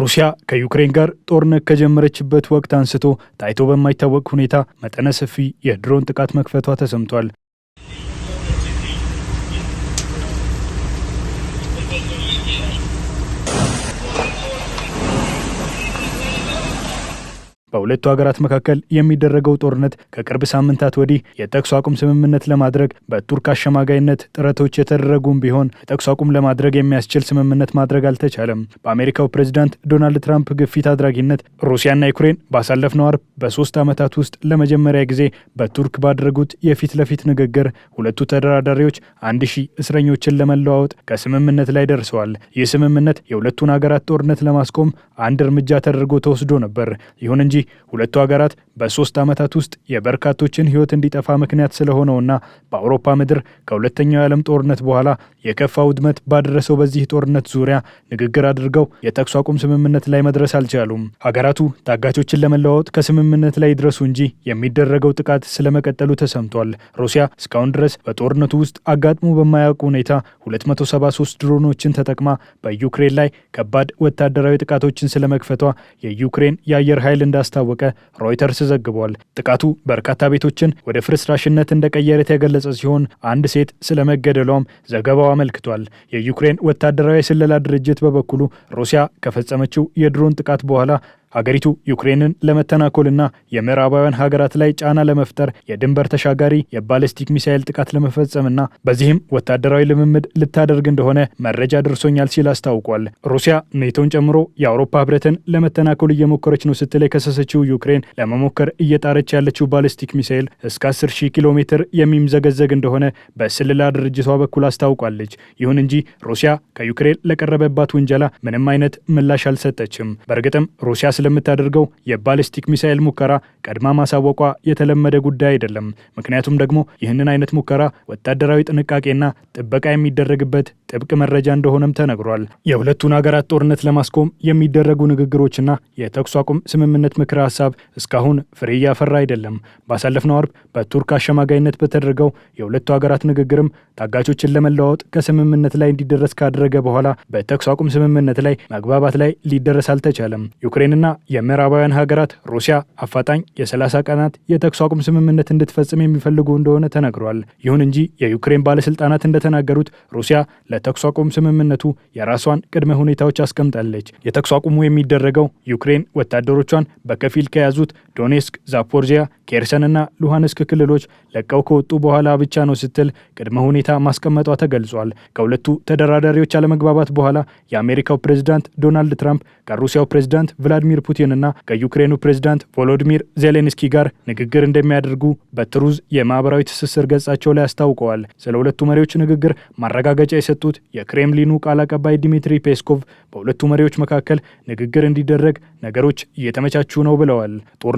ሩሲያ ከዩክሬን ጋር ጦርነት ከጀመረችበት ወቅት አንስቶ ታይቶ በማይታወቅ ሁኔታ መጠነ ሰፊ የድሮን ጥቃት መክፈቷ ተሰምቷል። በሁለቱ ሀገራት መካከል የሚደረገው ጦርነት ከቅርብ ሳምንታት ወዲህ የተኩስ አቁም ስምምነት ለማድረግ በቱርክ አሸማጋይነት ጥረቶች የተደረጉም ቢሆን የተኩስ አቁም ለማድረግ የሚያስችል ስምምነት ማድረግ አልተቻለም። በአሜሪካው ፕሬዚዳንት ዶናልድ ትራምፕ ግፊት አድራጊነት ሩሲያና ዩክሬን ባሳለፍነው አርብ በሶስት ዓመታት ውስጥ ለመጀመሪያ ጊዜ በቱርክ ባደረጉት የፊት ለፊት ንግግር ሁለቱ ተደራዳሪዎች አንድ ሺህ እስረኞችን ለመለዋወጥ ከስምምነት ላይ ደርሰዋል። ይህ ስምምነት የሁለቱን ሀገራት ጦርነት ለማስቆም አንድ እርምጃ ተደርጎ ተወስዶ ነበር። ይሁን እንጂ ሁለቱ ሀገራት በሶስት ዓመታት ውስጥ የበርካቶችን ሕይወት እንዲጠፋ ምክንያት ስለሆነውና በአውሮፓ ምድር ከሁለተኛው የዓለም ጦርነት በኋላ የከፋ ውድመት ባደረሰው በዚህ ጦርነት ዙሪያ ንግግር አድርገው የተኩስ አቁም ስምምነት ላይ መድረስ አልቻሉም። ሀገራቱ ታጋቾችን ለመለዋወጥ ከስምምነት ላይ ድረሱ እንጂ የሚደረገው ጥቃት ስለመቀጠሉ ተሰምቷል። ሩሲያ እስካሁን ድረስ በጦርነቱ ውስጥ አጋጥሞ በማያውቅ ሁኔታ 273 ድሮኖችን ተጠቅማ በዩክሬን ላይ ከባድ ወታደራዊ ጥቃቶችን ስለመክፈቷ የዩክሬን የአየር ኃይል እንዳስ እንዳስታወቀ ሮይተርስ ዘግቧል። ጥቃቱ በርካታ ቤቶችን ወደ ፍርስራሽነት እንደቀየረ የተገለጸ ሲሆን አንድ ሴት ስለመገደሏም ዘገባው አመልክቷል። የዩክሬን ወታደራዊ የስለላ ድርጅት በበኩሉ ሩሲያ ከፈጸመችው የድሮን ጥቃት በኋላ ሀገሪቱ ዩክሬንን ለመተናኮልና የምዕራባውያን ሀገራት ላይ ጫና ለመፍጠር የድንበር ተሻጋሪ የባለስቲክ ሚሳኤል ጥቃት ለመፈጸምና በዚህም ወታደራዊ ልምምድ ልታደርግ እንደሆነ መረጃ ደርሶኛል ሲል አስታውቋል። ሩሲያ ኔቶን ጨምሮ የአውሮፓ ህብረትን ለመተናኮል እየሞከረች ነው ስትል የከሰሰችው ዩክሬን ለመሞከር እየጣረች ያለችው ባለስቲክ ሚሳኤል እስከ 10 ሺህ ኪሎ ሜትር የሚምዘገዘግ እንደሆነ በስልላ ድርጅቷ በኩል አስታውቋለች። ይሁን እንጂ ሩሲያ ከዩክሬን ለቀረበባት ውንጀላ ምንም አይነት ምላሽ አልሰጠችም። በእርግጥም ሩሲያ ስለምታደርገው የባሊስቲክ ሚሳኤል ሙከራ ቀድማ ማሳወቋ የተለመደ ጉዳይ አይደለም። ምክንያቱም ደግሞ ይህንን አይነት ሙከራ ወታደራዊ ጥንቃቄና ጥበቃ የሚደረግበት ጥብቅ መረጃ እንደሆነም ተነግሯል። የሁለቱን ሀገራት ጦርነት ለማስቆም የሚደረጉ ንግግሮችና የተኩስ አቁም ስምምነት ምክረ ሀሳብ እስካሁን ፍሬ እያፈራ አይደለም። ባሳለፍነው አርብ በቱርክ አሸማጋይነት በተደረገው የሁለቱ ሀገራት ንግግርም ታጋቾችን ለመለዋወጥ ከስምምነት ላይ እንዲደረስ ካደረገ በኋላ በተኩስ አቁም ስምምነት ላይ መግባባት ላይ ሊደረስ አልተቻለም። ዩክሬንና የምዕራባውያን ሀገራት ሩሲያ አፋጣኝ የ30 ቀናት የተኩስ አቁም ስምምነት እንድትፈጽም የሚፈልጉ እንደሆነ ተነግሯል። ይሁን እንጂ የዩክሬን ባለስልጣናት እንደተናገሩት ሩሲያ በተኩስ አቁም ስምምነቱ የራሷን ቅድመ ሁኔታዎች አስቀምጣለች። የተኩስ አቁሙ የሚደረገው ዩክሬን ወታደሮቿን በከፊል ከያዙት ዶኔስክ፣ ዛፖርዚያ፣ ና ሉሃንስክ ክልሎች ለቀው ከወጡ በኋላ ብቻ ነው ስትል ቅድመ ሁኔታ ማስቀመጧ ተገልጿል። ከሁለቱ ተደራዳሪዎች አለመግባባት በኋላ የአሜሪካው ፕሬዝዳንት ዶናልድ ትራምፕ ከሩሲያው ፕሬዝዳንት ቭላዲሚር እና ከዩክሬኑ ፕሬዝዳንት ቮሎዲሚር ዜሌንስኪ ጋር ንግግር እንደሚያደርጉ በትሩዝ የማህበራዊ ትስስር ገጻቸው ላይ አስታውቀዋል። ስለ ሁለቱ መሪዎች ንግግር ማረጋገጫ የሰጡት የክሬምሊኑ ቃል አቀባይ ዲሚትሪ ፔስኮቭ በሁለቱ መሪዎች መካከል ንግግር እንዲደረግ ነገሮች እየተመቻቹ ነው ብለዋል።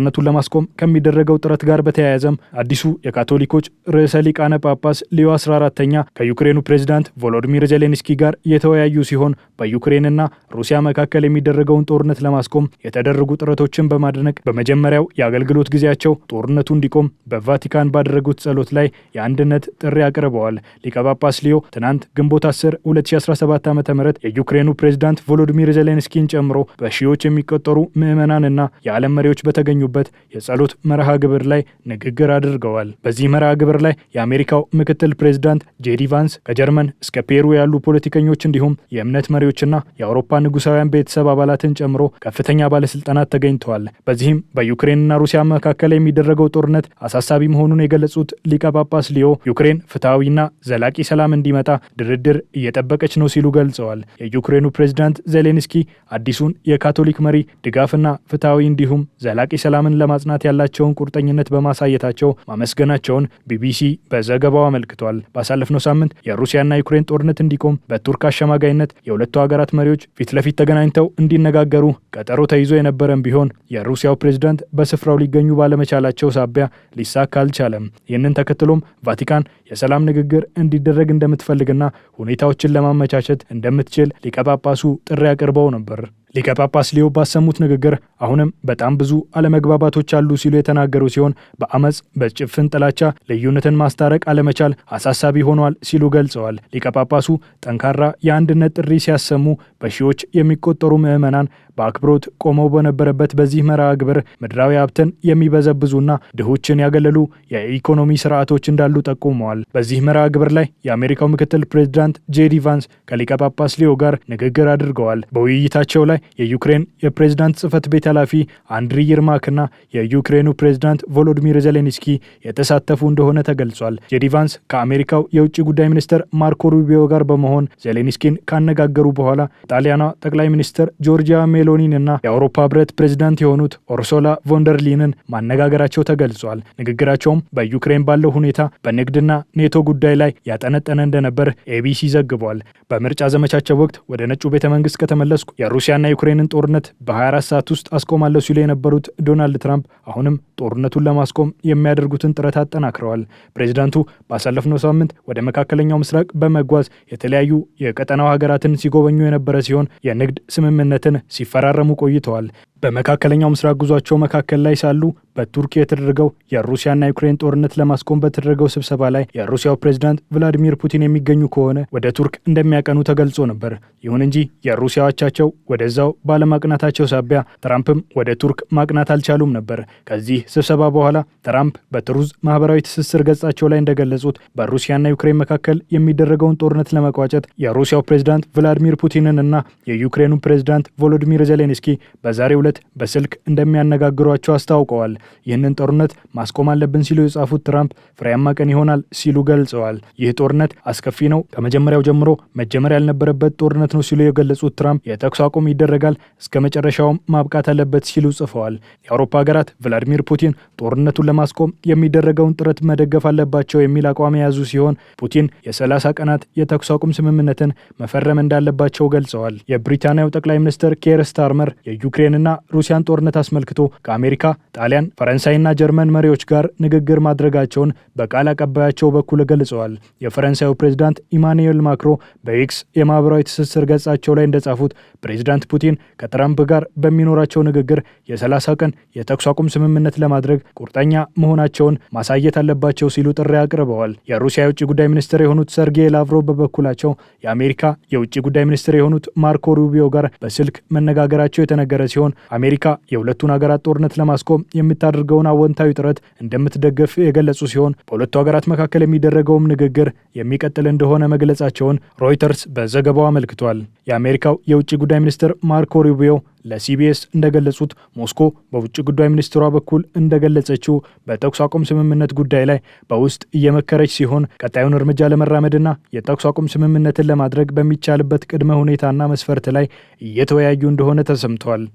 ጦርነቱን ለማስቆም ከሚደረገው ጥረት ጋር በተያያዘም አዲሱ የካቶሊኮች ርዕሰ ሊቃነ ጳጳስ ሊዮ 14ተኛ ከዩክሬኑ ፕሬዚዳንት ቮሎዲሚር ዜሌንስኪ ጋር የተወያዩ ሲሆን በዩክሬንና ሩሲያ መካከል የሚደረገውን ጦርነት ለማስቆም የተደረጉ ጥረቶችን በማድነቅ በመጀመሪያው የአገልግሎት ጊዜያቸው ጦርነቱ እንዲቆም በቫቲካን ባደረጉት ጸሎት ላይ የአንድነት ጥሪ አቅርበዋል። ሊቀ ጳጳስ ሊዮ ትናንት ግንቦት 10 2017 ዓ ም የዩክሬኑ ፕሬዚዳንት ቮሎዲሚር ዜሌንስኪን ጨምሮ በሺዎች የሚቆጠሩ ምዕመናንና የዓለም መሪዎች በተገኙበት በተካሄደበት የጸሎት መርሃ ግብር ላይ ንግግር አድርገዋል። በዚህ መርሃ ግብር ላይ የአሜሪካው ምክትል ፕሬዚዳንት ጄዲ ቫንስ ከጀርመን እስከ ፔሩ ያሉ ፖለቲከኞች እንዲሁም የእምነት መሪዎችና የአውሮፓ ንጉሳውያን ቤተሰብ አባላትን ጨምሮ ከፍተኛ ባለስልጣናት ተገኝተዋል። በዚህም በዩክሬንና ሩሲያ መካከል የሚደረገው ጦርነት አሳሳቢ መሆኑን የገለጹት ሊቀ ጳጳስ ሊዮ ዩክሬን ፍትሐዊና ዘላቂ ሰላም እንዲመጣ ድርድር እየጠበቀች ነው ሲሉ ገልጸዋል። የዩክሬኑ ፕሬዚዳንት ዜሌንስኪ አዲሱን የካቶሊክ መሪ ድጋፍና ፍትሐዊ እንዲሁም ዘላቂ ሰላም ሰላምን ለማጽናት ያላቸውን ቁርጠኝነት በማሳየታቸው ማመስገናቸውን ቢቢሲ በዘገባው አመልክቷል። ባሳለፍነው ሳምንት የሩሲያና ዩክሬን ጦርነት እንዲቆም በቱርክ አሸማጋይነት የሁለቱ ሀገራት መሪዎች ፊት ለፊት ተገናኝተው እንዲነጋገሩ ቀጠሮ ተይዞ የነበረም ቢሆን የሩሲያው ፕሬዝዳንት በስፍራው ሊገኙ ባለመቻላቸው ሳቢያ ሊሳካ አልቻለም። ይህንን ተከትሎም ቫቲካን የሰላም ንግግር እንዲደረግ እንደምትፈልግና ሁኔታዎችን ለማመቻቸት እንደምትችል ሊቀጳጳሱ ጥሪ አቅርበው ነበር። ሊቀ ጳጳስ ሊዮ ባሰሙት ንግግር አሁንም በጣም ብዙ አለመግባባቶች አሉ ሲሉ የተናገሩ ሲሆን በአመፅ በጭፍን ጥላቻ ልዩነትን ማስታረቅ አለመቻል አሳሳቢ ሆኗል ሲሉ ገልጸዋል። ሊቀ ጳጳሱ ጠንካራ የአንድነት ጥሪ ሲያሰሙ በሺዎች የሚቆጠሩ ምዕመናን በአክብሮት ቆመው በነበረበት በዚህ መርሃ ግብር ምድራዊ ሀብትን የሚበዘብዙና ድሆችን ያገለሉ የኢኮኖሚ ስርዓቶች እንዳሉ ጠቁመዋል። በዚህ መርሃ ግብር ላይ የአሜሪካው ምክትል ፕሬዚዳንት ጄዲ ቫንስ ከሊቀ ጳጳስ ሊዮ ጋር ንግግር አድርገዋል። በውይይታቸው ላይ የዩክሬን የፕሬዝዳንት ጽህፈት ቤት ኃላፊ አንድሪ ይርማክና የዩክሬኑ ፕሬዝዳንት ቮሎዲሚር ዜሌንስኪ የተሳተፉ እንደሆነ ተገልጿል። ጄዲ ቫንስ ከአሜሪካው የውጭ ጉዳይ ሚኒስትር ማርኮ ሩቢዮ ጋር በመሆን ዜሌንስኪን ካነጋገሩ በኋላ ጣሊያኗ ጠቅላይ ሚኒስትር ጆርጂያ ሜ ሜሎኒንና የአውሮፓ ህብረት ፕሬዚዳንት የሆኑት ኦርሶላ ቮንደርሊንን ማነጋገራቸው ተገልጿል። ንግግራቸውም በዩክሬን ባለው ሁኔታ በንግድና ኔቶ ጉዳይ ላይ ያጠነጠነ እንደነበር ኤቢሲ ዘግቧል። በምርጫ ዘመቻቸው ወቅት ወደ ነጩ ቤተ መንግስት ከተመለስኩ የሩሲያና ዩክሬንን ጦርነት በ24 ሰዓት ውስጥ አስቆማለሁ ሲሉ የነበሩት ዶናልድ ትራምፕ አሁንም ጦርነቱን ለማስቆም የሚያደርጉትን ጥረት አጠናክረዋል። ፕሬዚዳንቱ ባሳለፍነው ሳምንት ወደ መካከለኛው ምስራቅ በመጓዝ የተለያዩ የቀጠናው ሀገራትን ሲጎበኙ የነበረ ሲሆን የንግድ ስምምነትን ሲፈ ሲፈራረሙ ቆይተዋል። በመካከለኛው ምስራቅ ጉዟቸው መካከል ላይ ሳሉ በቱርክ የተደረገው የሩሲያና ዩክሬን ጦርነት ለማስቆም በተደረገው ስብሰባ ላይ የሩሲያው ፕሬዝዳንት ቭላዲሚር ፑቲን የሚገኙ ከሆነ ወደ ቱርክ እንደሚያቀኑ ተገልጾ ነበር። ይሁን እንጂ የሩሲያ አቻቸው ወደዛው ባለማቅናታቸው ሳቢያ ትራምፕም ወደ ቱርክ ማቅናት አልቻሉም ነበር። ከዚህ ስብሰባ በኋላ ትራምፕ በትሩዝ ማህበራዊ ትስስር ገጻቸው ላይ እንደገለጹት በሩሲያና ዩክሬን መካከል የሚደረገውን ጦርነት ለመቋጨት የሩሲያው ፕሬዝዳንት ቭላዲሚር ፑቲንን እና የዩክሬኑ ፕሬዝዳንት ቮሎዲሚር ዜሌንስኪ በዛሬው ዕለት በማለት በስልክ እንደሚያነጋግሯቸው አስታውቀዋል። ይህንን ጦርነት ማስቆም አለብን ሲሉ የጻፉት ትራምፕ ፍሬያማ ቀን ይሆናል ሲሉ ገልጸዋል። ይህ ጦርነት አስከፊ ነው፣ ከመጀመሪያው ጀምሮ መጀመር ያልነበረበት ጦርነት ነው ሲሉ የገለጹት ትራምፕ የተኩስ አቁም ይደረጋል፣ እስከ መጨረሻውም ማብቃት አለበት ሲሉ ጽፈዋል። የአውሮፓ ሀገራት ቭላዲሚር ፑቲን ጦርነቱን ለማስቆም የሚደረገውን ጥረት መደገፍ አለባቸው የሚል አቋም የያዙ ሲሆን ፑቲን የ30 ቀናት የተኩስ አቁም ስምምነትን መፈረም እንዳለባቸው ገልጸዋል። የብሪታንያው ጠቅላይ ሚኒስትር ኬር ስታርመር የዩክሬንና ሩሲያን ጦርነት አስመልክቶ ከአሜሪካ፣ ጣሊያን፣ ፈረንሳይና ጀርመን መሪዎች ጋር ንግግር ማድረጋቸውን በቃል አቀባያቸው በኩል ገልጸዋል። የፈረንሳዩ ፕሬዚዳንት ኢማኑኤል ማክሮ በኤክስ የማህበራዊ ትስስር ገጻቸው ላይ እንደጻፉት ፕሬዚዳንት ፑቲን ከትራምፕ ጋር በሚኖራቸው ንግግር የ30 ቀን የተኩስ አቁም ስምምነት ለማድረግ ቁርጠኛ መሆናቸውን ማሳየት አለባቸው ሲሉ ጥሪ አቅርበዋል። የሩሲያ የውጭ ጉዳይ ሚኒስትር የሆኑት ሰርጌይ ላቭሮቭ በበኩላቸው የአሜሪካ የውጭ ጉዳይ ሚኒስትር የሆኑት ማርኮ ሩቢዮ ጋር በስልክ መነጋገራቸው የተነገረ ሲሆን አሜሪካ የሁለቱን ሀገራት ጦርነት ለማስቆም የምታደርገውን አወንታዊ ጥረት እንደምትደግፍ የገለጹ ሲሆን በሁለቱ ሀገራት መካከል የሚደረገውም ንግግር የሚቀጥል እንደሆነ መግለጻቸውን ሮይተርስ በዘገባው አመልክቷል። የአሜሪካው የውጭ ጉዳይ ሚኒስትር ማርኮ ሩቢዮ ለሲቢኤስ እንደገለጹት ሞስኮ በውጭ ጉዳይ ሚኒስትሯ በኩል እንደገለጸችው በተኩስ አቁም ስምምነት ጉዳይ ላይ በውስጥ እየመከረች ሲሆን ቀጣዩን እርምጃ ለመራመድና የተኩስ አቁም ስምምነትን ለማድረግ በሚቻልበት ቅድመ ሁኔታና መስፈርት ላይ እየተወያዩ እንደሆነ ተሰምተዋል።